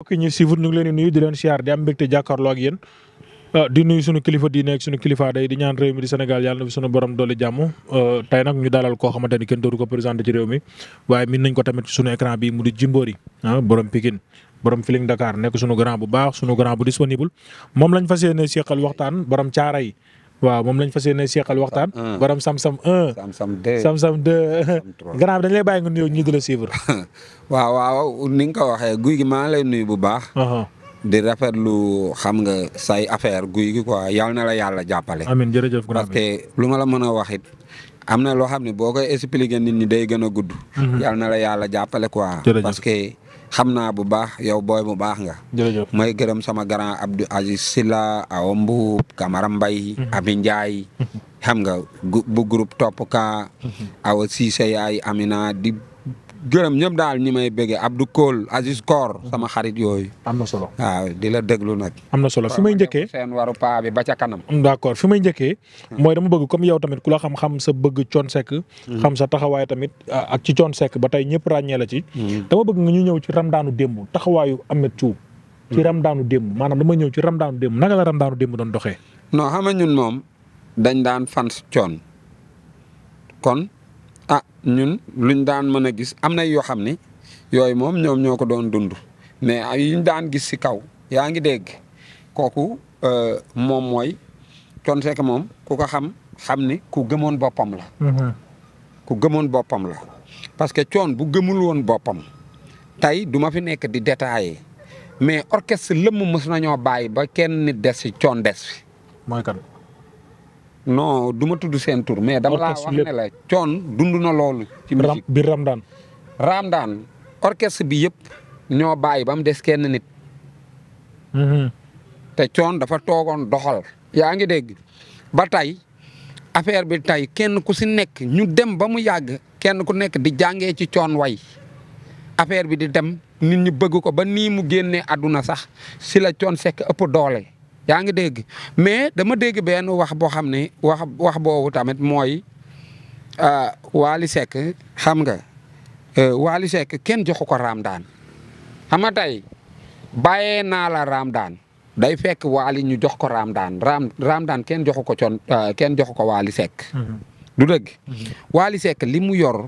mbokk yi ñu suivre ñu ngi leen di nuyu di leen siyaar di am mbégte jàkkaarloo ak yéen ah, di nuyu suñu kilifa diine ak suñu kilifa day di ñaan réew mi di Sénégal yàlla na fi suñu borom doole jàmm ah, tey nag ñu dalal koo xamante ni kenn dooru ko présenté ci réew mi waaye min nañ ko tamit suñu écran bi mu di Djimbory ah borom Pikine borom Feeling Dakar nekk suñu grand bu baax suñu grand bu disponible moom lañ fas yéene seqal waxtaan borom caara yi waaw moom lañ fa yéene seeqal waxtaan. borom Samsam 1 Samsam 2 Samsam 2. gannaaw dañ lay bàyyi nga nuyoo ñu di la suivre. waaw waaw ni nga ko waxee guy gi maa lay nuyu bu baax. Uh-huh. di lu xam nga say affaire guy gi quoi yal na la yàlla jàppale. jërëjëf parce que lu ma la mën a wax am na loo xam ne boo koy expliquer nit ñi day gën a gudd. Mm-hmm. yal na la yàlla jàppale quoi. parce que. xam naa bu baax yow booy bu baax nga. jërëjëf may gërëm sama gara Abdou Aziz Silla awa Mbuub Camara Mbay mhm. Abi Njaay mhm. xam nga bu groupe topp ka mhm. awa Siise yaay Amina di gërëm ñëpp daal ñi may bëggee Abdou Kool Aziz Koor mhm. sama xarit yooyu. am na solo waaw di la déglu nag. am na solo fi may njëkkee seen waru paa ba ca kanam. d'accord fi may njëkkee. Hmm. mooy dama bëgg comme yow tamit ku la xam-xam sa bëgg Thione sekk hmm. xam sa taxawaay tamit ah, ak ci Thione Seck ba tey ñëpp ràññee la ci. Hmm. dama bëgg nga ñu ñëw ci daanu démb taxawaayu Ameth Thiou. ci ramdaanu démb maanaam dama ñëw ci ramdaanu démb naka la ramdaanu démb doon doxee. non xam nga ñun moom dañ daan fan Thione kon ah ñun luñ daan mën a gis am na yoo xam ni yooyu moom ñoom ñoo ko doon dund mais ay ñu daan gis si kaw yaa ngi dégg kooku euh, moom mooy kon moom ku ko xam xam ni ku gëmoon boppam la. Mm-hmm. ku gëmoon boppam la parce que coon bu gëmul woon boppam tey du ma fi nekk di détaillé mais orchestre lëmm mës nañoo bàyyi ba kenn nit des si coon des fi. non du ma tudd seen tur mais dama laa wax ne la coon dund na loolu ci musique bi Ramdaan Ramdaan orchestre bi yëpp ñoo bàyyi ba mu des kenn nit mhm. te coon dafa toogoon doxal yaa ngi dégg ba tey affaire bi tey kenn ku si nekk ñu dem ba mu yàgg kenn ku nekk di jàngee ci coon way affaire bi di dem nit ñi bëgg ko ba nii mu génnee àdduna sax si la coon sekk ëpp doole yaa ngi dégg mais dama dégg benn wax boo xam ne wax wax boobu tamit mooy euh, Wally Seck xam nga euh, Wally Seck kenn joxu ko Ramdaan xam nga tey bàyyee naa la Ramdaan day fekk Wally ñu jox ko Ramdaan Ram Ramdaan kenn joxu ko con euh, kenn joxu ko Wally Seck. Mm-hmm. du dëgg mm-hmm. Wally Seck li mu yor.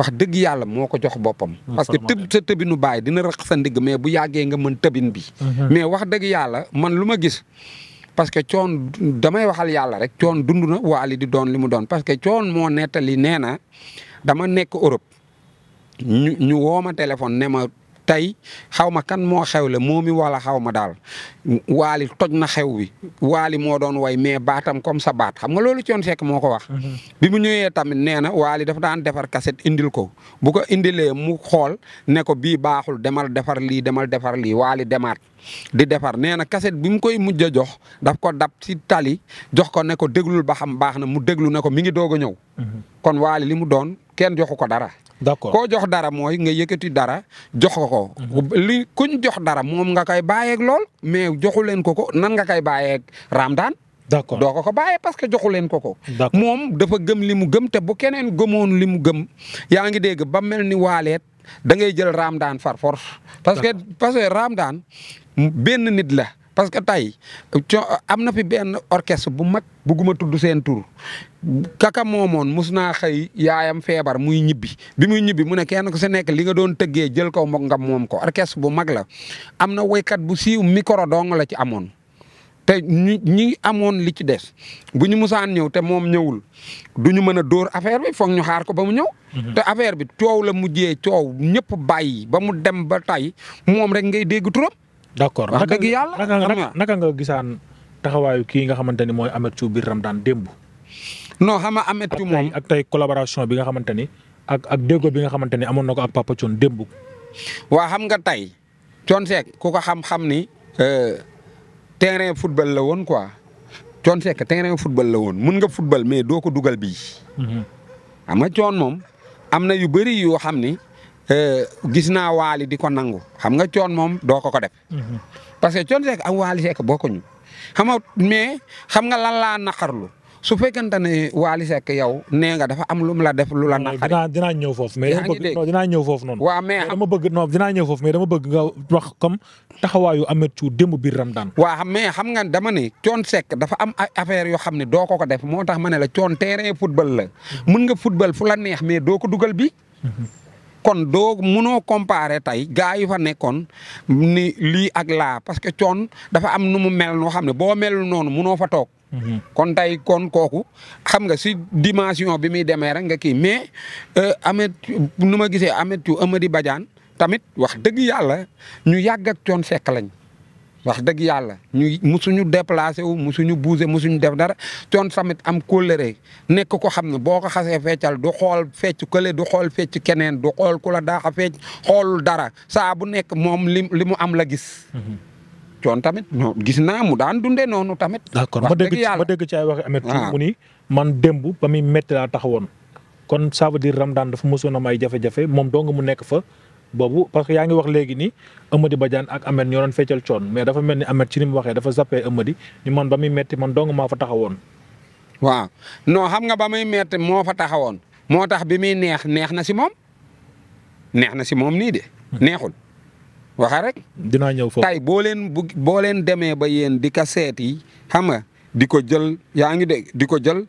wax dëgg yàlla moo ko jox boppam. parce que tëb sa tëbinu bàyyi dina rëq sa ndigg mais bu yàggee nga mën tëbin bi. Mhm. mais wax dëgg yàlla man lu ma gis. parce que coon damay waxal yàlla rek coon dund na waali di doon li mu doon parce que coon moo nettali nee na dama nekk Europe ñu ñu téléphone ne tey xaw ma kan moo xew la moomi wala xaw ma daal waali toj na xew wi waali moo doon way mais baatam comme sa baat xam nga loolu coon sekk moo ko wax mm-hmm. bi mu ñëwee tamit nee na waali dafa daan defar kaset indil ko bu ko indilee mu xool ne ko bii baaxul demal defar lii demal defar lii waali demaat di defar nee na kaset bi mu koy mujj a jox daf ko dab ci tali jox ko ne ko déglul ba xam baax na mu déglu ne ko mi ngi doog a ñëw mm-hmm. kon waali li mu doon kenn joxu ko dara d'accord koo jox dara mooy nga yëkkati dara jox ko ko. Mhm. li kuñ jox dara moom nga koy bàyyeeg lool mais joxu leen ko ko nan nga koy bàyyeeg Ramadaan. d'accord doo ko ko bàyyee parce que joxu leen ko ko. moom dafa gëm li mu gëm te bu keneen gëmoon li mu gëm yaa ngi dégg ba mel ni waaleet da ngay jël Ramadaan far force. parce que parce que Ramadaan benn nit la. parce que tey am na fi benn orchestre bu mag bugguma tudd seen tur kaka moomoon mus naa xëy yaayam feebar muy ñibbi bi muy ñibbi mu ne kenn ku si nekk li nga doon tëggee jël ko moog ngam moom ko orchestre bu mag la am na woykat bu siiw micro dong la ci amoon te ñi ñi amoon li ci des bu ñu musaan ñëw te moom ñëwul du ñu mën a dóor affaire bi foog ñu xaar ko ba mu ñëw. Mhm. te affaire bi coow la mujjee coow ñëpp bàyyi ba mu dem ba tey moom rek ngay dégg turam. d'accord wax dëgg yàlla naka naka nga gisaan taxawaayu kii nga xamante ni mooy Ameth Thiou biir daan démb. non xam a Ameth Thiou moom ak tey collaboration bi nga xamante ni ak ak déggoo bi nga xamante ni amoon na ko ak Papa Thion démb. waa xam nga tey Thione seek ku ko xam-xam ni. Euh, terrain football la woon quoi Thione Seck terrain football la woon mun nga football mais doo ko dugal bii. Mhm. xam nga Thione moom am na yu bëri yoo xam ni. Euh, gis naa waali di ko nangu xam nga coon moom doo ko ko def. Mhm. parce que coon seek ak waali seek bokkuñu xam nga mais xam nga lan laa lu su fekkente ne waali seek yow nee nga dafa am lu mu la def lu la naqari. dinaa dinaa ñëw foofu mais dinaa ñëw foofu noonu. waaw mais dama bëgg non dinaa ñëw foofu mais dama bëgg nga wax comme taxawaayu Ameth Thiou démb biir Ramadan. waaw mais xam nga dama ne coon sekk dafa am ay affaire yoo xam ne doo ko ko def moo tax ma ne la coon terrain futbal la. Mhm. mën nga football fu la neex mais doo ko dugal bi. Mhm. kon doo mënoo comparer tey gaa yu fa nekkoon ni lii ak laa parce que coon dafa am nu mu mel noo xam ne boo melul noonu mënoo fa toog. Mhm. kon tey kon kooku xam nga si dimension bi muy demee rek nga kii mais euh, amet nu ma gisee amet yu Amady Badiane tamit wax dëgg yàlla ñu yàgg ak coon sekk lañ. wax dëgg yàlla ñu musuñu déplacé wu musuñu bougé musuñu def dara coon tamit am kóllëre nekk ko xam ne boo ko xasee feccal du xool fecc kële du xool fecc keneen du xool ku la daax a fecc xoolul dara saa bu nekk moom li li mu am la gis coon tamit non gis naa mu daan dundee noonu tamit d'accord ma dégg ma dégg ci ay waxi amet mu ni man démb ba muy métti laa taxawoon kon ça veut dire Ramdaan dafa mosoon am ay jafe-jafe moom dong mu nekk fa boobu parce que yaa ngi wax léegi ni Amady Badiane ak Ameth ñoo doon feccal coon mais dafa mel ni Ameth ci ni mu waxee dafa zappé Amady ni man ba muy metti man dong maa fa taxawoon. waaw noo xam nga ba muy metti moo fa taxawoon moo tax bi muy neex neex na si moom neex na si moom nii de neexul. waxa rek. dinaa ñëw foofu tey boo leen bu boo leen demee ba yéen di ka seet yi xam di ko jël yaa ngi dégg di ko jël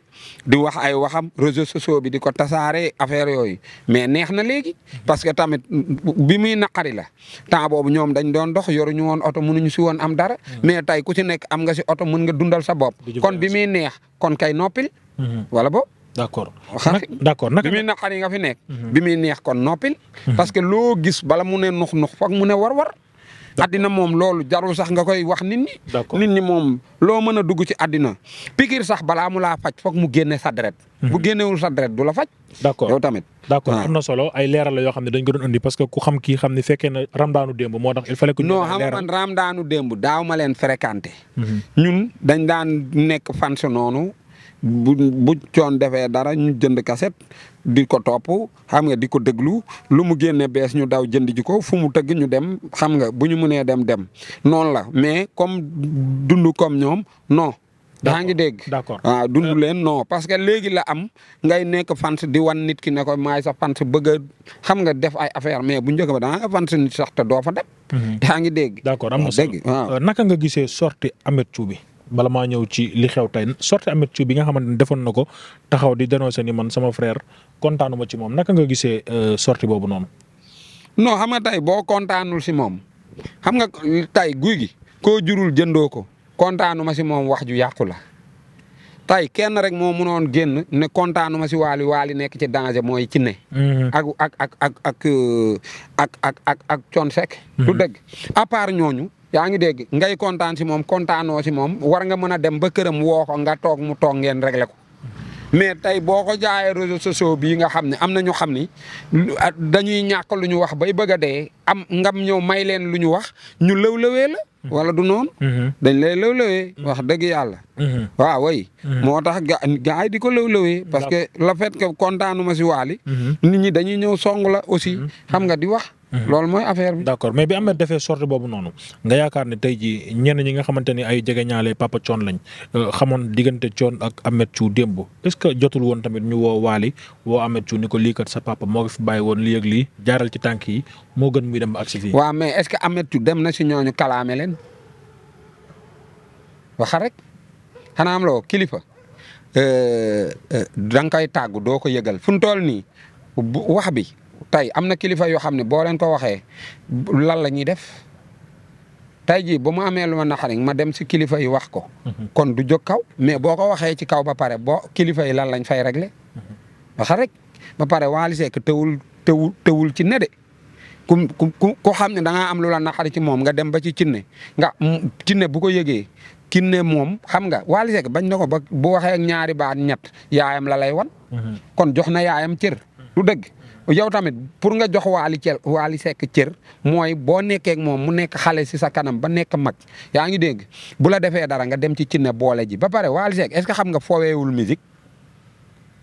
di wax ay waxam réseaux sociaux bi di ko tasaare affaire yooyu mais neex na léegi parce que tamit bi muy naqari la temps boobu ñoom dañ doon dox yoruñu woon oto mënuñu si woon am dara hmm. mais tey ku si nekk am nga si oto mën nga dundal sa bopp kon bi muy neex kon kay noppil hmm. wala bo d' accord d' accord nag bi muy naqari nga fi nekk hmm. bi muy neex kon noppil parce que loo gis bala mu ne nux nux foog mu ne war war addina moom loolu jarul sax nga koy wax nit ñi. nit ñi moom loo mën a dugg ci addina. pikiir sax balaa mu laa faj foog mu génne sa deret. Mhm. bu génnewul sa deret du la faj. d'accord tamit. d'accord am na solo ay leeral la yoo xam ne dañ ko doon andi parce que ku xam kii xam ne fekkee na ramdaanu démb moo tax il fallait que. ñu démb daaw ma leen fréquenté. Mhm. ñun dañ daan nekk fan si noonu bu bu coon defee dara ñu jënd kaset di ko topp xam nga di ko déglu lu mu génne bees ñu daw jënd ji ko fu mu tëgg ñu dem xam nga bu ñu munee dem dem noonu la mais comme dund comme ñoom non. daa ngi dégg d'accord waaw ah, dund euh. leen non parce que léegi la am ngay nekk fant di wan nit ki ne ko maay sa fant bëgg xam nga def ay affaire mais bu njëkk ba daa fant nit sax te doo fa dem. yaa mhm. ngi dégg. d'accord ah, euh, naka nga gisee sorti Ameth Thioub bi bala maa ñëw ci li xew tey sorti Ameth Thiou bi nga xamante ne defoon na ko taxaw di dénoncer ni man sama frère kontaanuma ci moom naka nga gisee euh, sorti boobu noonu. non xam nga tey kontaanul si moom xam nga tey guy gi koo jurul jëndoo ko kontaanuma si moom wax ju yàqu la tey kenn rek moo mënoon génn ne kontaanuma si waali waali nekk ci danger mooy ci ne. Mm-hmm. ak ak ak ak ak euh, ak ak ak mm-hmm. dëgg à ñooñu. yaa ngi dégg ngay kontaan si moom kontaanoo si moom war nga mën a dem ba këram woo ko nga toog mu toog ngeen réglé ko mais tey boo ko jaayee réseaux sociaux bii nga xam ne am na ñu xam ni ah, dañuy ñàkk lu ñu wax bay bëgg a dee am ngam ñëw may leen lu ñu wax ñu lëw-lëwee la wala du noonu mhm. dañ lay lëw-lëwee wax dëgg yàlla mhm. waaw way mhm. moo tax ga gars yi di ko lëw-lëwee parce que la fait que kontaanuma si waali nit ñi dañuy ñëw song la aussi xam nga di wax loolu mooy affaire bi. d' accord mais bi Ameth defee sorte boobu noonu nga yaakaar ne tey jii ñenn ñi nga xamante ni ay jege ñaale papa Thione lañ euh, xamoon diggante Thione ak Ameth Thiou démb est ce que jotul woon tamit ñu woo Waly woo Ameth Thiou ni ko lii kat sa papa moo ko fi bàyyi woon lii ak lii ci tànk yi muy dem ba agsi fii. waaw mais est-ce que Ameth dem na si ñooñu kalaame leen waxa rek xanaa am loo kilifa euh, euh, da nga koy doo ko yëgal fu mu toll nii wax bi tey am na kilifa yoo xam ne boo leen ko waxee lan la ñuy def tey jii bu mu amee lu ma naxari ma dem si kilifa yi wax ko. Mhm. kon du jóg kaw mais boo ko waxee ci kaw ba pare boo kilifa yi lan lañ fay régler mhm. waxa rek ba pare Wally Seck tewul tewul ci ne de ku ku ku xam ne da ngaa am lu la naqari ci moom nga dem ba ci cinne nga cinne mm, bu ko yëgee kinne moom xam nga Wally Seck bañ na ko ba bu waxee ak ñaari baat ñett yaayam la lay wan. Mm-hmm. kon jox na yaayam cër. du dëgg yow tamit pour nga jox Wally cër Wally Seck cër mooy boo nekkee ak moom mu nekk xale si sa kanam ba nekk mag yaa ngi dégg bu la defee dara nga dem ci cinne boole ji ba pare Wally Seck est-ce que xam nga fooweewul musique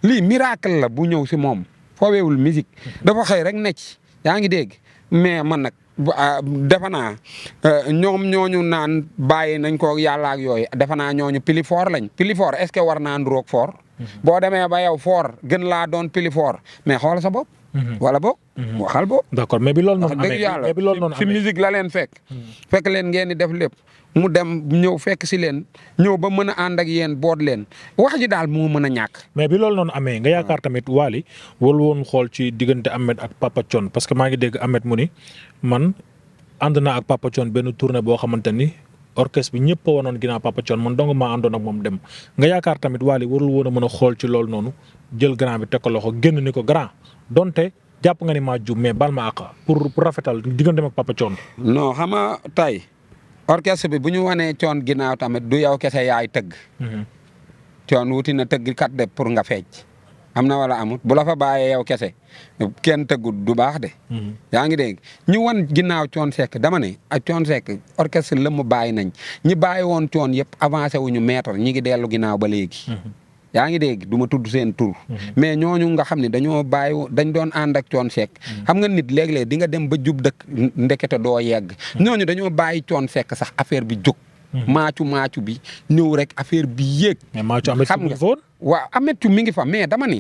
lii miracle la bu ñëw si moom fooweewul musique dafa xëy rek necc yaa ngi dégg mais man nag ah, defe naa eh, ñoom ñooñu naan bàyyi nañ ko yàlla ak yooyu defe naa ñooñu pili fort lañ pili fort est-ce que war naa nduroog fort. Mhm. boo demee ba yow fort gën laa doon pili fort mais xool sa bopp. Mhm. wala boog. Mhm. waxal boog. d'accord mais bi loolu noonu amee mais bi loolu noonu amee ci la leen fekk. fekk leen ngeen di def lépp. mu dem ñëw fekk si leen ñëw ba mën a ànd ak yéen boot leen wax ji daal moo mën a ñàkk. mais bi loolu noonu amee nga yaakaar tamit Wally waru woon xool ci diggante Ameth ak Papa Thione que maa ngi dégg Ameth mu ni man ànd naa ak benn tournée boo xamante ni orchestre bi ñëpp wanoon ginnaaw Papa man dong maa àndoon moom dem nga yaakaar tamit Wally warul woon a mën xool ci loolu noonu jël grand bi teg ko loxo génn ni ko grand donte jàpp nga ni maa jub mais bal ma àq pour rafetal digganteem ak Papa Thione. non xam nga tey orchestre bi bu ñu wanee coon ginnaaw tamit du yow kese yaay tëgg. Mhm. coon wuti na tëgg kat de pour nga fecc am na wala amut bu la fa bàyyee yow kese kenn tëggut du baax de. Mhm. yaa ngi dégg ñu wan ginnaaw coon sekk dama ne ak coon sekk orchestre la mu bàyyi nañ ñi bàyyi woon coon yëpp avancé wu ñu mètre ñi ngi dellu ginnaaw ba léegi. Mhm. yaa ngi dégg du ma tudd seen tur. Mhm. mais ñooñu nga xam ne dañoo bàyyi dañ doon ànd ak coon sekk. Mhm. xam nga nit léeg-léeg di nga dem ba jub dëkk ndekete doo yegg. Mhm. ñooñu dañoo bàyyi coon sekk sax affaire bi jóg. maacu maacu bi ñëw rek affaire bi yéeg. mais maacu am xam nga waaw Ameth Thiou mi ngi fa mais dama ni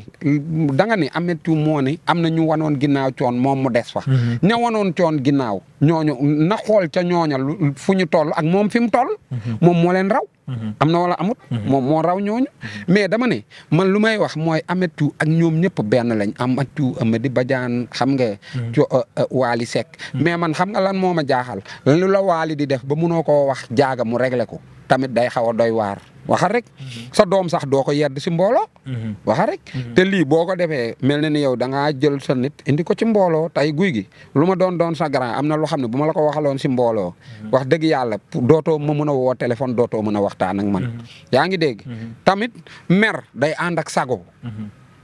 da nga ni Ameth moo ni am na ñu wanoon ginnaaw coon moom mu des fa mhm. ña wanoon coon ginnaaw ñooñu na xool ca ñooña fu ñu toll ak moom fi mu toll mhm. moom moo leen raw mhm. am na wala amut moom moo raw ñooñu mais dama ne man lu may wax mooy Ameth Thiou ak ñoom ñëpp benn lañ Ameth Thiou Amady Badiane xam nga co euh, euh, Waly Seck mais man xam nga lan moo ma jaaxal lu la waali di def ba munoo ko wax jaaga mu réglé ko tamit day xaw a doy waar waxal rek sa doom sax doo ko yedd si mbooloo mhm. waxal rek mhm. te lii boo ko defee mel na ni yow da ngaa jël sa nit indi ko ci mbooloo tey guy gi lu ma doon doon sa grand am na loo xam ne bu ma la ko waxaloon si mbooloo mhm. wax dëgg yàlla dootoo ma mën a woo téléphone dootoo mën a waxtaan ak man yaa ngi dégg tamit mer day ànd ak sago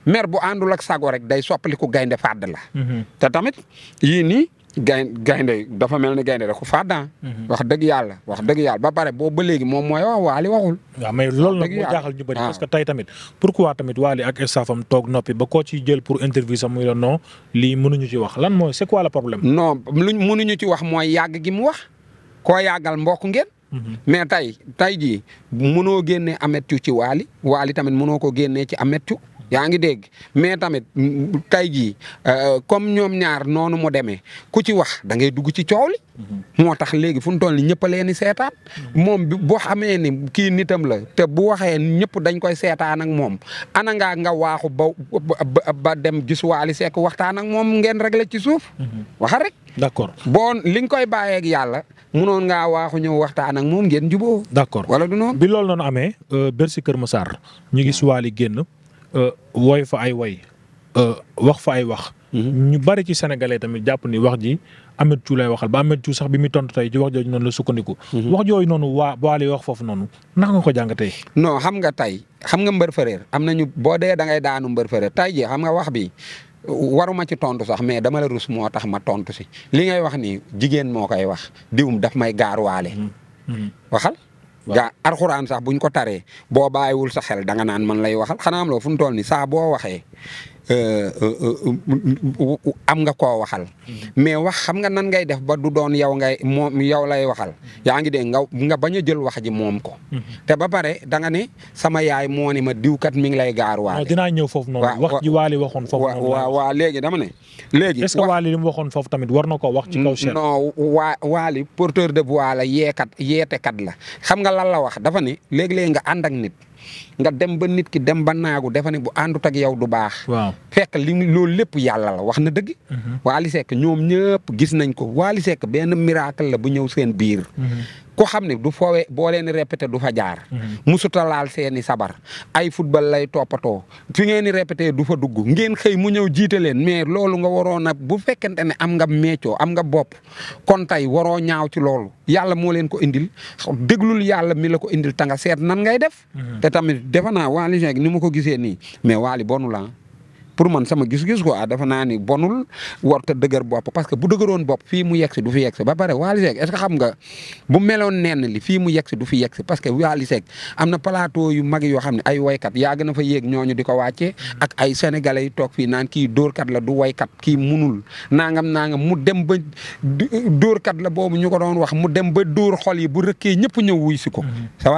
mer bu àndul lak sago rek day soppaliku gaynde fàdd la te tamit yii nii gay gaynde dafa mel ni gaynde rek ku fàddan mhm. wax dëgg yàlla wax dëgg yàlla ba pare boobu ba léegi moom mooy wax Wally waxul. waaw mais loolu nag moo jaaxal ñu bëri ah. parce que tey tamit pourquoi tamit Wally ak staffam toog noppi ba koo ci jël pour interview sax muy la non lii mënuñu ci wax lan mooy c'est quoi le problème. non luñ mënuñu ci wax mooy yàgg gi mu wax koo yàggal mbokk ngeen. Mhm. mais tey tey jii mënoo génnee amettu ci Wally Wally tamit mënoo ko génnee ci amettu. yaa ngi dégg mais tamit tey jii euh, comme ñoom ñaar noonu mu demee ku ci wax da ngay dugg ci coow li. Mm-hmm. moo tax léegi fu mu toll ni ñëpp a leen di seetaan. Mm-hmm. moom bi boo amee ni kii nitam la te bu waxee ñëpp dañ koy seetaan ak moom ana ngaa nga waaxu ba ba dem gis Wally Seck waxtaan ak moom ngeen réglé ci suuf. Mm-hmm. wax rek. d'accord boo li nga koy bàyyeek ak yàlla munoon ngaa waaxu ñëw waxtaan ak moom ngeen juboo d'accord wala du noonu. bi loolu noonu amee euh, Bercy Kër Massar ñu gis Wally génn. Euh, woy fa ay woy euh, wax fa ay wax. Mhm. ñu bari ci sénégalais tamit jàpp ni wax ji Ameth Thiou lay waxal ba Ameth Thiou sax bi muy tontu tey ci wax jooj noonu la sukkandiku. Mhm. wax jooju noonu waa boole wax foofu noonu ndax nga ko jàng tey. non xam nga tey xam nga mbër fëreer am ñu boo dee da ngay daanu mbër fëreer tey jii xam nga wax bi waruma ci tontu sax mais dama la rus moo tax ma tontu si li ngay wax ni jigéen moo koy wax diwum daf may gaaruwaale. Mhm. waxal. gaa arxuraan sax buñ ko taree boo bàyyiwul sa xel danga naan man lay waxal xanaa am loo fu mu toll nii saa boo waxee euh, euh, euh, am nga ko waxal. Mm-hmm. mais wax xam nga nan ngay def ba du doon yow ngay moom yow lay waxal. Mm-hmm. yaa ngi dégg nga nga bañ a jël wax ji moom ko. Mm-hmm. te ba pare danga ne sama yaay moo ne ma diwkat mi ngi lay gaar waale. Ah, dinaa ñëw foofu noonu. wax ji waxoon foofu noonu. waaw dama ne. léegi est-ce que Waly li foofu tamit war na ko wax. ci kaw Cheikh non waa Waly porteur de voix la yeekat yeetekat la xam nga lan la wax dafa ne léeg-léeg nga ànd ak nit. nga dem ba nit ki dem ba naagu defe ne bu àndut ak yow du baax. waaw fekk li loolu lépp yàlla la wax na dëgg. Mhm. Waly seek ñoom ñëpp gis nañ ko Waly Seck benn miracle la bu ñëw seen biir. Mhm. ku xam ne du foowee boo leen répété du fa jaar. Mm-hmm. musuta laal seeni sabar ay football lay toppatoo fi ngeen di répété du fa dugg ngeen xëy mu ñëw jiite leen mais loolu nga waroon nag bu fekkente ne am nga méccoo am nga bopp kon tey waroo ñaaw ci loolu yàlla moo leen ko indil déglul yàlla mi la ko indil ta nga seet nan ngay def. Mm-hmm. te tamit defe naa Wally Seck ni ma ko gisee nii mais waali bonu la ah. pour man sama gis-gis quoi dafa naa ni bonul warta dëgër bopp parce que bu dëgëroon bopp fii mu yegg du fi yegg ba pare Wally Seck est-ce que xam nga bu meloon nenn li fii mu yegg si du fi yegg si parce que Wally Seck am na plateau yu mag yoo xam ne ay waykat yàgg na fa yéeg ñooñu di ko wàcce ak ay sénégalais yi toog fii naan kii kat la du waykat kii munul nangam naangam mu dem ba dóorkat la boobu ñu ko doon wax mu dem ba dóor xol yi bu rëkkee ñëpp ñëw wuy si ko mm-hmm. sa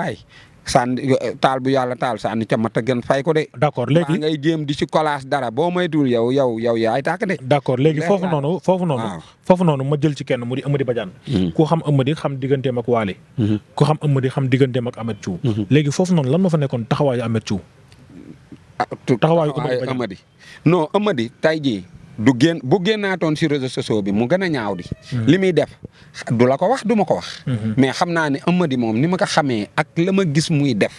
sànni eh, taal bu yàlla taal sànni ca mat a gën fay ko de. d' accord léegi maa ngay jéem di ci kolaas boo moytuwul yow yow d' accord léegi foofu noonu foofu noonu. foofu noonu ma jël ci kenn mu di Amady Badiane. Mhm. ku xam Amady xam digganteem ak Waale. Mhm. ku xam Amady xam digganteem ak Amath Thiou. Mhm. léegi foofu noonu lan ma fa nekkoon taxawaayu Amath Thiou. Ah, taxawaayu Amady non Amady tey jii du génn bu génnaatoon si réseaux sociaux bi mu gën a ñaaw di. Mm-hmm. li muy def du la ko wax du ma ko wax. Mm-hmm. mais xam naa ne Amady moom ni ma ko xamee ak la ma gis muy def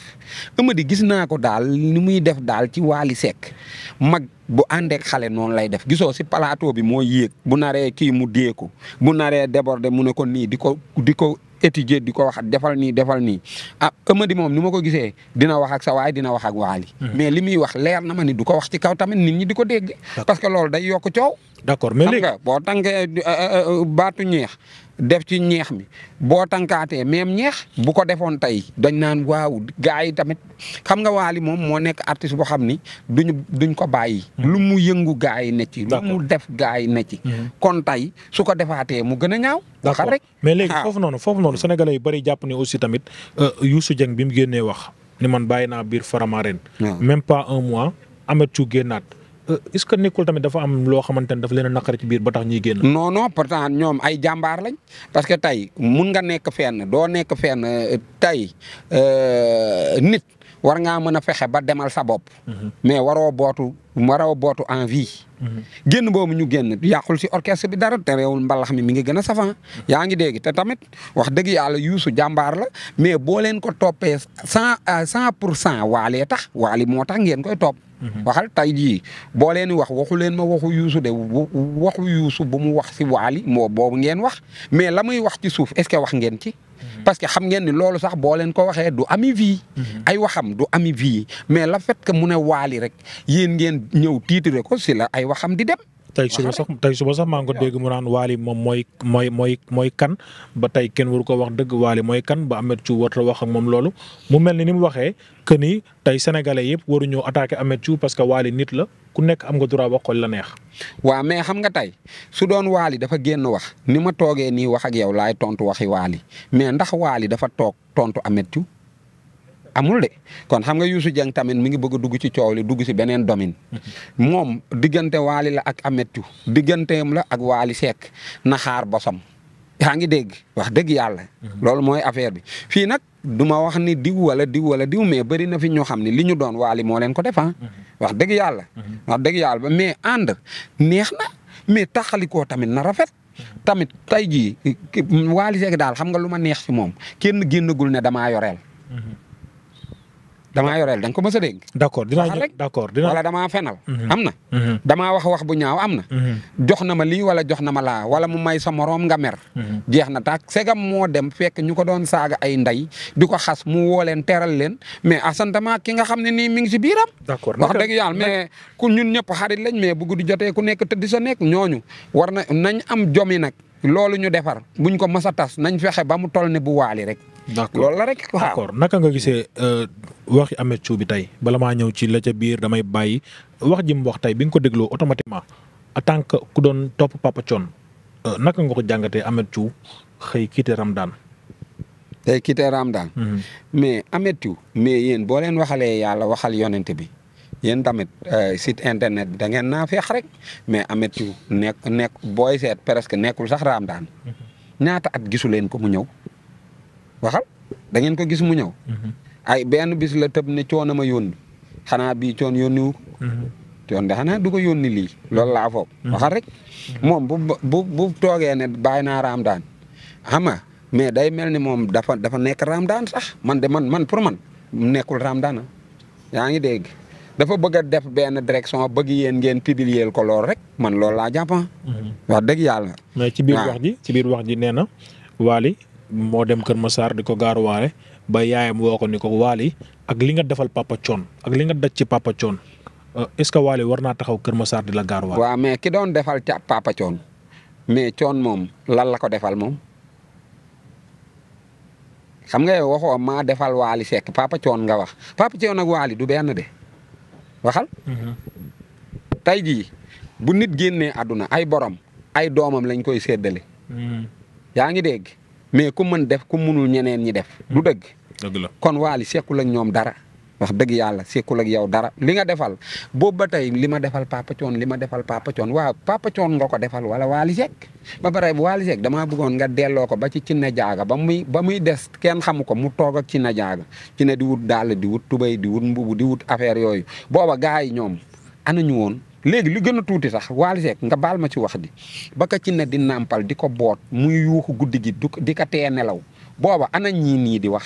Amady gis naa ko daal ni muy def daal ci Wally Seck mag bu àndeek xale noonu lay def gisoo si plateau bi moo yéeg bu naree kii mu dee ko bu naree déborder mu ne ko nii di ko. étudier di ko wax defal nii defal nii ah moom ni ma ko gisee dina wax ak sa waay dina wax ak waali hmm. mais li muy wax leer na ma ni du ko wax ci kaw tamit nit ñi di ko dégg. parce que loolu day yokk coow. d'accord mais léegi boo tànkee euh, euh, euh, baatu ñeex. def ci ñeex mi boo tànkaatee même ñeex bu ko defoon tey dañ naan waaw gars yi tamit xam nga waa li moom moo nekk artiste boo xam ni duñu duñ ko bàyyi. Hmm. lu mu yëngu gars yi ne ci. lu mu def gars yi ne ci. Hmm. kon tey su ko defaatee mu gën a ñaaw. d'accord rek mais léegi ah. foofu noonu foofu noonu sénégalais yu bari jàpp ne aussi tamit euh, Youssou Dieng bi mu génnee wax ni man bàyyi naa biir Faramareen. Ah. même pas un mois Ameth Thiou génnaat. Euh, est-ce que nekkul tamit dafa am loo xamante ne dafa leen a naqari ci biir ba tax ñuy génn. non non pourtant ñoom ay jàmbaar lañ parce que tey mun nga nekk fenn doo nekk fenn tey euh, nit war ngaa mën a fexe ba demal sa bopp. Mhm. mais waroo bootu waroo bootu en vie. Mhm. génn boobu ñu génn yàqul si orchestre bi dara te réewul mbalax mi mi ngi gën a safan yaa ngi dégg te tamit wax dëgg yàlla yuusu jàmbaar la mais boo leen ko toppee cent euh, cent pour cent waalee tax waali moo tax ngeen koy topp. Mm-hmm. waxal tay jii boo leen wax waxu leen ma waxu yuusu de waxu yuusu bu mu wax si waali moo boobu ngeen wax mais la muy wax ci suuf est-ce wax ngeen ci. Mm-hmm. parce que xam ngeen ni loolu sax boo leen ko waxee du ami vie. Mm-hmm. ay waxam du ami vie mais la fait que mu ne waali rek yéen ngeen ñëw tiitire ko si la ay waxam di dem. tey suba sax tey suba sax maa ngi ko dégg mu naan Waly moom mooy mooy mooy mooy kan ba tey kenn waru koo wax dëgg Waly mooy kan ba Ameth Thiou warta wax ak moom loolu mu mel ni ni mu waxee que ni tey sénégalais yëpp ñëw attaqué Ameth Thiou parce que Waly nit la ku nekk am nga droit wax ko la neex. waa mais xam nga tey su doon Waly dafa génn wax ni ma toogee nii wax ak yow laay tontu waxi Waly mais ndax Waly dafa toog tontu Ameth Thiou amul de kon xam nga Youssou Dieng tamit mi ngi bëgg a dugg ci coow li dugg si beneen domaine moom diggante Waly la ak Ameth Thiou digganteem la ak Waly seek na xaar bosam yaa ngi dégg wax dëgg yàlla. Mhm. loolu mooy affaire bi fii nag du ma wax ni diw wala diw wala diw mais bëri na fi ñoo xam ne li ñu doon Waly moo leen ko def ah. mhm. wax dëgg yàlla. Mhm. wax dëgg yàlla mais ànd neex mais taxalikoo tamit na rafet. tamit tey jii Waly Seck daal xam nga lu ma neex si moom kenn génnagul ne damaa yoreel. damaa yoreel da nga ko mës a dégg. d' accord dinaa ñëw d' accord dinaa wala damaa fenal. Mhm. am na. Mhm. damaa wax wax bu ñaaw am na. Mhm. jox na ma lii wala jox na ma laa wala mu may sa moroom nga mer. jeex na taag segam moo dem fekk ñu ko doon saaga ay ndey di ko xas mu woo leen leen mais asantamaa ki nga xam ne nii mi ngi si biiram. d' accord wax dëgg yàlla mais ku ñun ñëpp xarit lañ mais bu guddi jotee ku nekk tëdd sa nekk ñooñu war na nañ am jomi nag. loolu ñu defar buñ ko mës a tas nañ fexe ba mu toll ne bu waali rek d'accord loolu la rek waaw d'accord naka nga gisee euh, waxi Ameth Thiou bi tey bala maa ñëw ci la ca biir damay bàyyi wax ji mu wax tey bi nga ko dégloo automatiquement en tant que ku doon topp Papa Thione euh, naka nga ko jàngatee Ameth Thiou xëy quitté Ramdan. tey quitté Ramdan. Mhm. mais Ameth mais yéen boo leen waxalee yàlla waxal yonent bi. yéen tamit euh, site internet bi da ngeen naa feex rek mais Ameth Thiou nekk nekk booy seet presque nekkul sax Ramdan mhm. ñaata at gisu leen ko mu ñëw. waxal da ngeen ko gis mu ñëw. Mhm. ay benn bis la tëb ne a ma yónni xanaa bii coon yónni wu ko. Mhm. coon de xanaa du ko yónni lii loolu laa foog. Mhm. waxal rek moom bu toogee ne bàyyi naa raam daan xam nga mais day mel ni moom dafa dafa nekk raam daan sax man de man man pour man nekkul raam daan ah. yaa ngi dégg. dafa bëgg a def benn direction bëgg yéen ngeen publier ko lool rek man loolu laa jàpp ah. wax dëgg yàlla. mais ci biir wax ji ci biir na moo dem Kër saar di ko gaaruwaale ba yaayam woo ko ni ko Waly ak li nga defal papa Thione ak li nga daj ci papa Thione euh, est-ce que Waly war naa taxaw Kër Massar di la gaaruwaale. waaw mais ki doon defal ca papa Thione mais Thione moom lan la ko defal moom xam nga yow waxoo maa defal Waly Seck papa Thione nga wax papa Thione ak Waly du benn de waxal. Mhm. tey jii bu nit génnee àdduna ay boroom ay doomam lañ koy séddale. Mhm. yaa ngi dégg. mais ku man def ku mënul ñeneen ñi def du dëgg kon Wally sekkul ak ñoom dara wax dëgg yàlla sekkul ak yow dara li nga defal boobu ba tey li ma defal Papa Thione li ma defal Papa Thione waaw Papa Thione nga ko defal wala Wally Seck ba pare Wally Seck damaa bëggoon nga delloo ko ba ci Cina Jaaga ba muy ba muy des kenn xamu ko mu toog ak Cina Jaaga Cina di wut dàll di wut tubéy di wut mbubu di wut affaire yooyu booba gars yi ñoom anañu woon léegi lu gën a tuuti sax Wally Seck nga baal ma ci wax di ba ka ci na di nàmpal di ko boot muy yuuxu guddi gi du di ko tee nelaw booba ana ñii nii di wax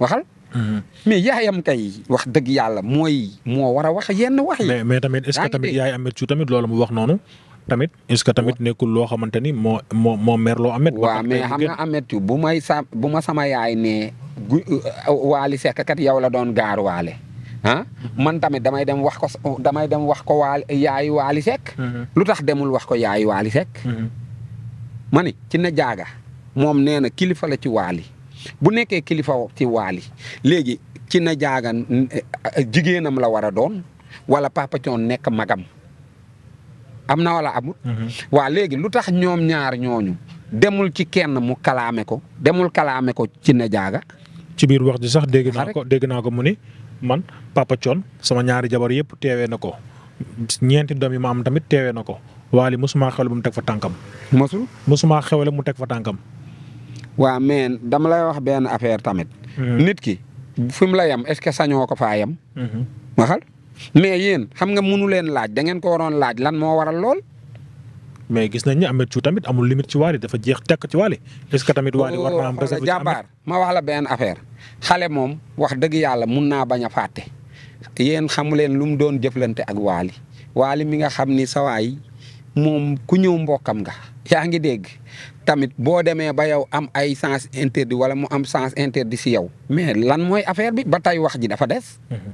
waxal. Mhm. mais yaayam kay wax dëgg yàlla mooy moo war a wax yenn wax yi. mais tamit est-ce que tamit yaay tamit loolu mu wax noonu. tamit est que tamit nekkul loo xamante ni moo moo moo merloo Ameth. waaw mais xam na Ameth Thiou bu may sa bu ma sama yaay ne gu Wally Seck yow la doon gaaruwaale. man tamit damay dem wax ko damay dem wax ko waal yaayu waali sekk mhm. lu tax demul wax ko yaayu waali sekk mhm. ma ni ci na jaaga moom nee na kilifa la ci waali bu nekkee kilifa ci waali léegi ci na jaaga eh, jigéenam la war a doon wala Papa Thione nekk magam am na wala amut mhm. waa léegi lu tax ñoom ñaar ñooñu demul ci kenn mu kalaame ko demul kalaame ko ci na jaaga ci biir wax ji sax dégg naa dégg naa ko mu ni man Papa Thion sama ñaari jabar yëpp teewee na ko ñeenti doom yi ma am tamit teewe na ko waali mosuma xewle mu teg fa tànkam. mosul mosuma xewle mu teg fa tànkam. waa mais dama lay wax benn affaire tamit. Hmm. nit ki fi mu la yam est-ce que sañoo ko faa yam. Hmm. waxal mais yéen xam nga munu leen laaj da ngeen ko waroon laaj lan moo waral lool. mais gis nañ ne Ameth tamit amul limite ci Wally dafa jeex tekk ci Wally est-ce que tamit Wally war na ma wax la benn affaire xale moom wax dëgg yàlla mun naa bañ a fàtte yéen xamu leen lu mu doon jëflante ak Wally Wally mi nga xam ni sawaay moom ku ñëw mbokkam nga yaa ngi dégg tamit boo demee ba yow am ay sens interdit wala mu am sens interdit si yow mais lan mooy affaire bi ba tey wax ji dafa des mhm.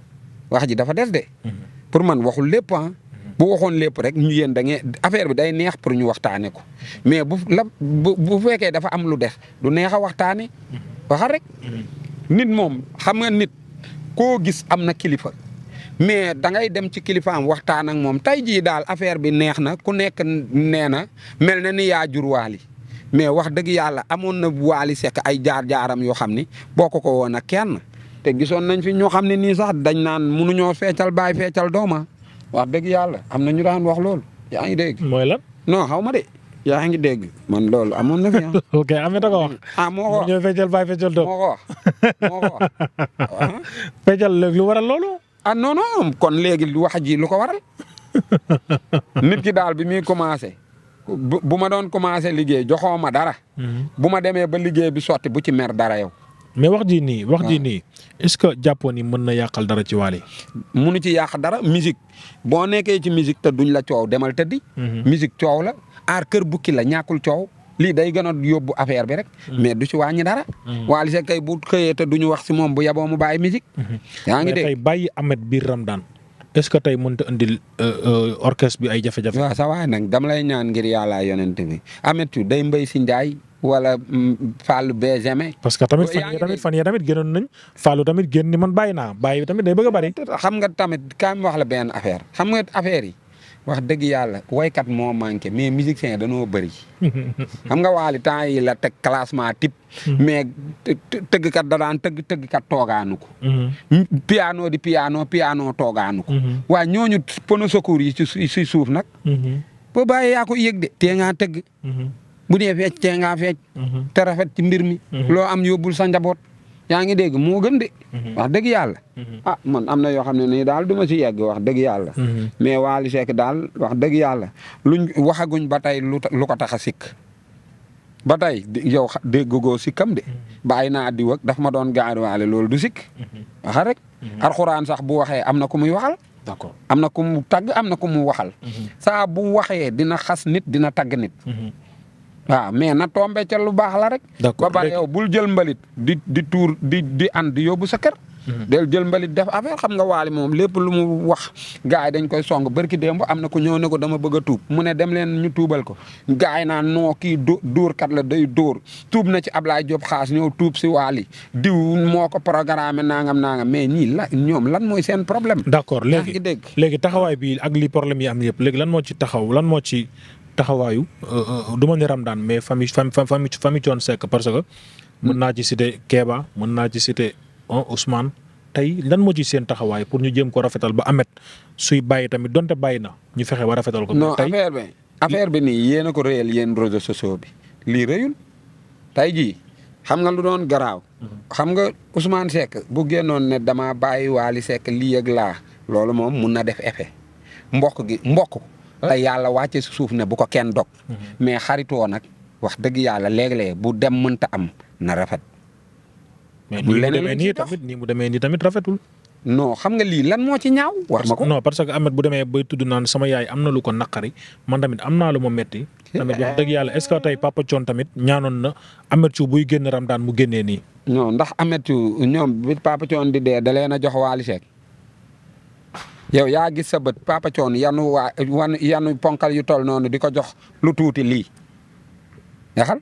wax ji dafa des de mhm. pour man waxul lépp bu waxoon lépp rek ñu yéen da ngeen affaire bi day neex pour ñu waxtaanee ko mais bu la bu bu dafa am lu def du neex a waxtaanee waxarek rek. nit moom xam nga nit ko gis am na kilifa mais da ngay dem ci kilifaam waxtaan ak moom tey jii daal affaire bi neex na ku nekk nee na mel na ni yaa jur waali mais wax dëgg yàlla amoon na waali sekk ay jaar-jaaram yoo xam ni bokk ko woon ak kenn te gisoon nañ fi ñoo xam ne nii sax dañ naan munuñoo feecal baay feccal dooma wax dëgg yàlla am na ñu daan wax loolu yaa ngi dégg. mooy lan non xaw ma de. yaa ngi dégg man loolu amoon na fi ah. ok am na ko wax. Ah, moo ko wax ñoo feccal bàyyi feccal doom moo ko wax moo ko léegi lu waral loolu. ah non kon léegi wax ji lu ko waral. nit ki daal bi muy commencé. bu ma doon commencé liggéey joxoo ma dara. Mm-hmm. bu ma demee ba liggéey bi sotti bu ci mer dara yow. mais wax ji nii wax ji ah. nii est-ce que jàppoon ni mën na yàqal dara ci waale. nu ci yàq dara musique boo nekkee ci musique te duñ la coow demal tëddi. Mhm. musique coow la aar kër bukki la ñàkkul coow. lii day gën a yóbbu affaire bi rek. Mhm. mais du ci wàññi dara. Mhm. Wally Seck kay bu xëyee te du ñu wax si moom bu yaboo mu bàyyi musique. yaa ngi dégg mais tey bàyyi Ameth biir Ramadan. est-ce que tey mënut a indil euh, euh, orchestre bi ay jafe-jafe. waaw sa waay nag dama lay ñaan ngir yàlla yonent bi ametu day mbay si njaay wala mm, Fallou Benjamin. parce que tamit fan yii tamit fan yii tamit génnoon nañ Fallou tamit génn ni man bàyyi naa bàyyi tamit day bëgg a bari. xam nga tamit kaam wax la benn affaire xam nga affaire yi. wax dëgg yàlla woykat moo manqué mais musiciens dañoo bëri. xam nga waali temps yi la teg classement type. mais tëggkat da daan tëgg tëggkat toogaanu ko. piano di piano piano toogaanu ko. waa ñooñu pono secours yi ci nag. boo yaa ko yëg de tee tëgg. bu dee fecc tee ngaa fecc. te ci mbir mi. loo am yóbbul sa yaa ngi dégg moo gën de. Mhm. wax dëgg yàlla. Mhm. ah man am na yoo xam ne nii daal du ma si yegg wax dëgg yàlla. Mhm. mais Wally Seck daal wax dëgg yàlla luñ waxaguñ ba tey lu lu ko tax a sikk. ba tey yow déggugoo sikkam de. bàyyi naa di daf ma doon gaaruwaale loolu du sikk. waxa rek. alxuraan sax bu waxee am na ku muy waxal. d'accord am na ku mu tagg am na ku mu waxal. saa bu waxee dina xas nit dina tagg nit. waaw mais na tombé ca lu baax la rek. ba pare yow bul jël mbalit di di tuur di di an di yóbbu sa kër. Mhm. del jël mbalit def affaire xam nga waali moom lépp lu mu wax gars dañ koy song barki démb am na ko ñëw ne ko dama bëgg a tuub mu ne dem leen ñu tuubal ko gars naa naan noo kii dóor kat la day dóor tuub na ci ab Ablaye Diop xaas ñëw tuub si waali diw moo ko programme nangam nangam mais ñii la ñoom lan mooy seen problème. d'accord léegi léegi taxawaay bi ak li problème yi am yëpp léegi lan moo ci taxaw lan moo ci. taxawaayu euh, euh, du ma ne Ramdan mais famille famille fami Thione Seck parce que. mën hmm. naa ci citer Kéba mën naa ci citer Ousmane tey lan moo ci seen taxawaay pour ñu jëm ko rafetal ba amet suy bàyyi tamit donte bàyyi na ñu fexe ba rafetal ko. non affaire bi affaire bi nii yéen a ko réyal yéen réseaux sociaux bi lii rëyul tey jii xam nga lu doon garaaw. Mhm. xam nga Ousmane Seck bu génnoon ne dama bàyyi waali Seck lii ak laa loolu moom mun na def effet mboq gi mboq. tey yàlla wàcce si suuf ne bu ko kenn dog mhm. mais xaritoo nag wax dëgg yàlla léeg-léeg bu dem mënta am na rafet. mais nii mu demee nii tamit nii mu demee nii tamit rafetul. non xam nga lii lan moo ci ñaaw. war ma ko non parce que Ameth bu demee bay tudd naan sama yaay am na lu ko naqari man tamit am naa lu ma metti tamit wax dëgg yàlla est-ce que tamit ñaanoon na Ameth buy génn Ramadaan mu génnee nii. non ndax Ameth ñoom bi Papa di dee da leen a jox Wally Seck yow yaa gis sa bët Papa Thione yanu waa wan ponkal yu toll noonu di ko jox lu tuuti lii nga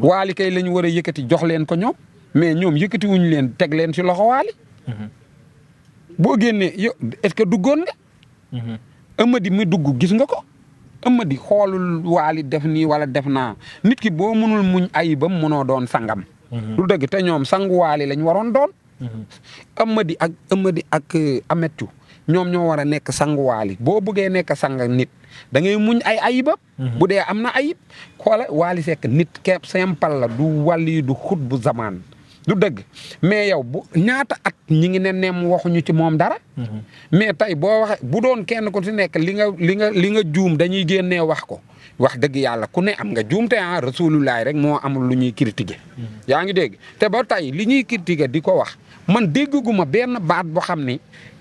waali kay lañu ñu war a yëkkati jox leen ko ñoom mais ñoom yëkkati wuñu leen teg leen si loxo waali. Mhm. boo génnee yow est-ce que duggoon nga. Mhm. ëmmadi mu dugg gis nga ko. ëmmadi xoolul waali def nii wala def naa nit ki boo mënul muñ ayibam mënoo doon sangam. du mhm. dëgg te ñoom sangu waali lañ waroon doon. ëmmadi ak ëmmadi ak eh, ñoom ñoo war a nekk waali boo bëggee nekk sang nit da ngay mu ay ayibam. Mhm. bu dee am na ayib. xoola waali sekk nit kepp simple la du wàlli du xut bu zamaan du dëgg mais yow bu ñaata at ñi ngi ne nem waxuñu ci moom dara. Mhm. mais tey boo waxee bu doon kenn ku ci nekk li nga li nga li nga juum dañuy génnee wax ko wax dëgg yàlla ku ne am nga juum te ah rasulullaay rek moo amul lu ñuy critiquer. Mhm. yaa ngi dégg te ba tey li ñuy critiquer di ko wax. man déggaguma benn baat boo xam ni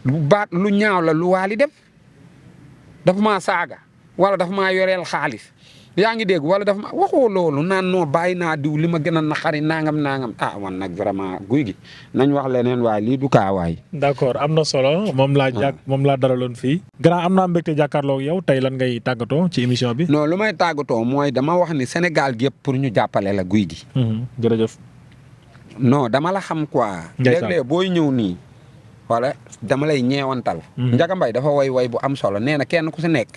baat lu ñaaw la lu waali def dafa maa saaga wala dafa maa yoreel xaalis yaa ngi dégg wala dafa ma waxoo loolu naan noo bàyyi naa diw li ma gën a naqari naangam nangam ah man nag vraiment guy gi nañ wax leneen waaye lii du kaawaay. d'accord am na solo moom laa ah. jàkk moom laa daraloon fii. grand am naa mbégte jàkkaarloo yow tey lan ngay tàggatoo ci émission bi. non lu may tàggatoo mooy dama wax ni Sénégal gépp pour ñu jàppale la guy gi. Mhm, non dama la xam quoi. léeg booy ñëw nii. wala dama lay ñeewantal. Mhm. Njaga Mbay dafa woy woy bu am solo nee na kenn ku si nekk.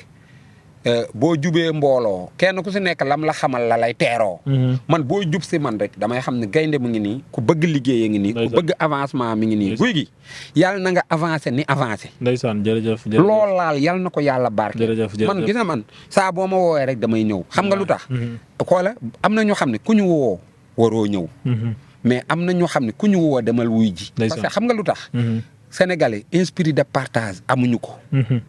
Euh, boo jubee mbooloo kenn ku si nekk lam la xamal la lay teero mhm. man boo jub si man rek damay xam ne gaynde mu ngi nii ku bëgg liggéeye ngi nii. ku bëgg avancement mi ngi nii. guy gi yàlla na nga avancer ni avancé. ndeysaan jërëjëf jërëjëf lool laal yàlla na ko yàlla barke. man gis na man saa boo ma woowee rek damay ñëw. xam nga lu tax. Mhm. xoola am na ñoo xam ne ku ñu woo waroo ñëw. mais am na ñoo xam ne ku ñu woo demal wuy ji. parce que xam nga lu tax. Mm-hmm. sénégalais esprit de partage amuñu ko. Mm-hmm.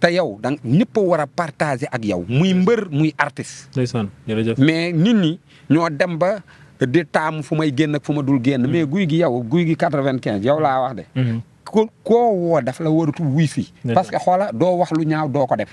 te yow da ñëpp a war a partager ak yow muy mbër muy artiste. ndeysaan jërëjëf mais nit ñi ñoo dem ba de taamu fu may génn ak fu ma dul génn. Mm-hmm. mais guy gi yow guy gi quatre-vingt-quinze yow laa wax de. ko koo woo daf la waratul wuy fii parce que xoola doo wax lu ñaaw doo ko def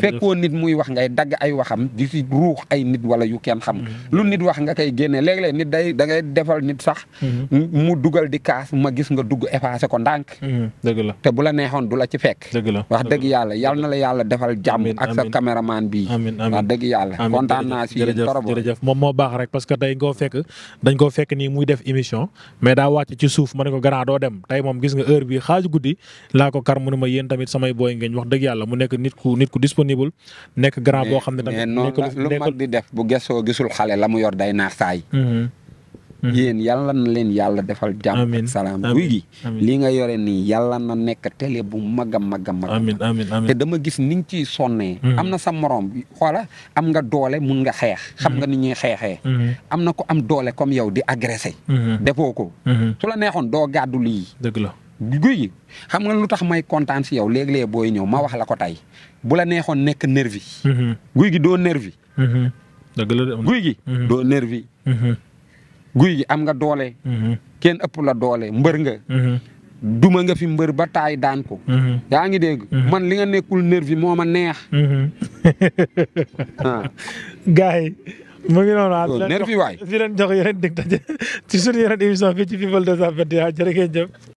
fekkoo nit muy wax ngay dagg ay waxam di si ruux ay nit wala yu kenn xam mm-hmm. lu nit wax nga kay génne léeg-léeg nit day da ngay defal nit sax mm-hmm. mu dugal di kaas ma gis nga dugg effacé ko ndànk mm-hmm. dëgg la te bu la neexoon du la ci fekk wax dëgg yàlla yal na la yàlla defal jàmm ak sa caméraman bii wax dëgg yàlla kontaan naa si yéen trop jërëjëf moom moo baax rek parce que dañ ngoo fekk dañ koo fekk nii muy def émission mais daa wàcc ci ma ne ko grand doo dem bi xaaju guddi laa ko kar mu ne ma yéen tamit samay booy ngeen wax dëgg yàlla mu nekk nit ku nit nekk grand boo xam ne tamit lu mag di def bu gesoo gisul xale la mu yor day naax saay mhm. Mhm. yéen yàlla na leen yàlla defal jàmm salaam guy gi li nga yore nii yàlla na nekk télé bu mag a mag a mag amiin amiin amiin te dama gis ni nga ciy sonnee mhm. am na sa morom xoola am nga doole mun nga xeex xam nga ni ñuy xeexee am na ko am doole comme yow di agressé defoo ko su la neexoon guy gi xam nga lu tax may kontaan si yow léeg-léeg booy ñëw ma wax la ko tey bu la neexoon nekk nervi mhm. guy gi doo nervi mhm. dëgg guy gi mhm. doo nervi guy gi am nga doole kenn ëpp la doole mbër nga duma nga fi mbër ba taay daan ko yaa ngi dégg man li nga nekkul nervi moo ma neex ah. gars mu ngi noonu ah oh, nervi waay di leen jox yeneen dig daje ci sunu yeneen émission fii ci People 221